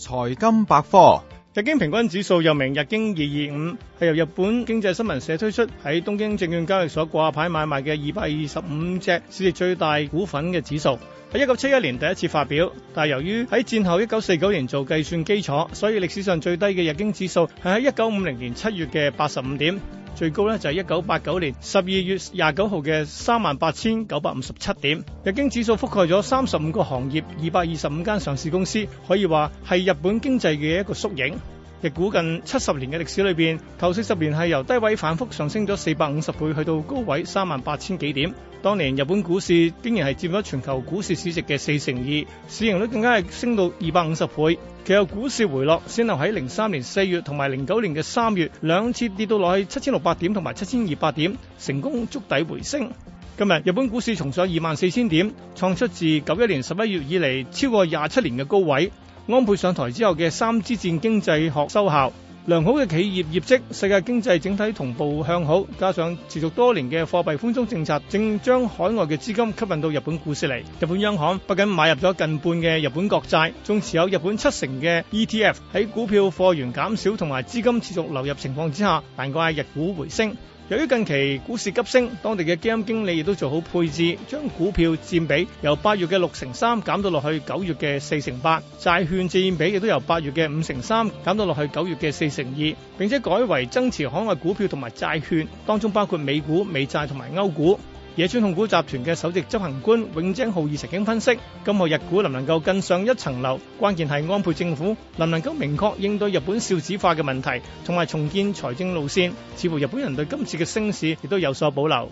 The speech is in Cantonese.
財金百科，日經平均指數又名日經二二五，係由日本經濟新聞社推出喺東京證券交易所掛牌買賣嘅二百二十五隻市值最大股份嘅指數。喺一九七一年第一次發表，但係由於喺戰後一九四九年做計算基礎，所以歷史上最低嘅日經指數係喺一九五零年七月嘅八十五點。最高咧，就係一九八九年十二月廿九號嘅三萬八千九百五十七點。日經指數覆蓋咗三十五個行業，二百二十五間上市公司，可以話係日本經濟嘅一個縮影。日股近七十年嘅歷史裏邊，頭四十年係由低位反復上升咗四百五十倍，去到高位三萬八千幾點。當年日本股市竟然係佔咗全球股市市值嘅四成二，市盈率更加係升到二百五十倍。其後股市回落，先後喺零三年四月同埋零九年嘅三月兩次跌到落去七千六百點同埋七千二百點，成功築底回升。今日日本股市重上二萬四千點，創出自九一年十一月以嚟超過廿七年嘅高位。安倍上台之後嘅三支箭經濟學收效。良好嘅企業業績，世界經濟整體同步向好，加上持續多年嘅貨幣寬鬆政策，正將海外嘅資金吸引到日本股市嚟。日本央行不僅買入咗近半嘅日本國債，仲持有日本七成嘅 ETF。喺股票貨源減少同埋資金持續流入情況之下，難怪日股回升。由於近期股市急升，當地嘅基金經理亦都做好配置，將股票佔比由八月嘅六成三減到落去九月嘅四成八，債券佔比亦都由八月嘅五成三減到落去九月嘅四成二，並且改為增持海外股票同埋債券，當中包括美股、美債同埋歐股。野村控股集團嘅首席執行官永井浩二曾經分析，今後日股能唔能夠更上一層樓，關鍵係安倍政府能唔能夠明確應對日本少子化嘅問題，同埋重建財政路線。似乎日本人對今次嘅升市亦都有所保留。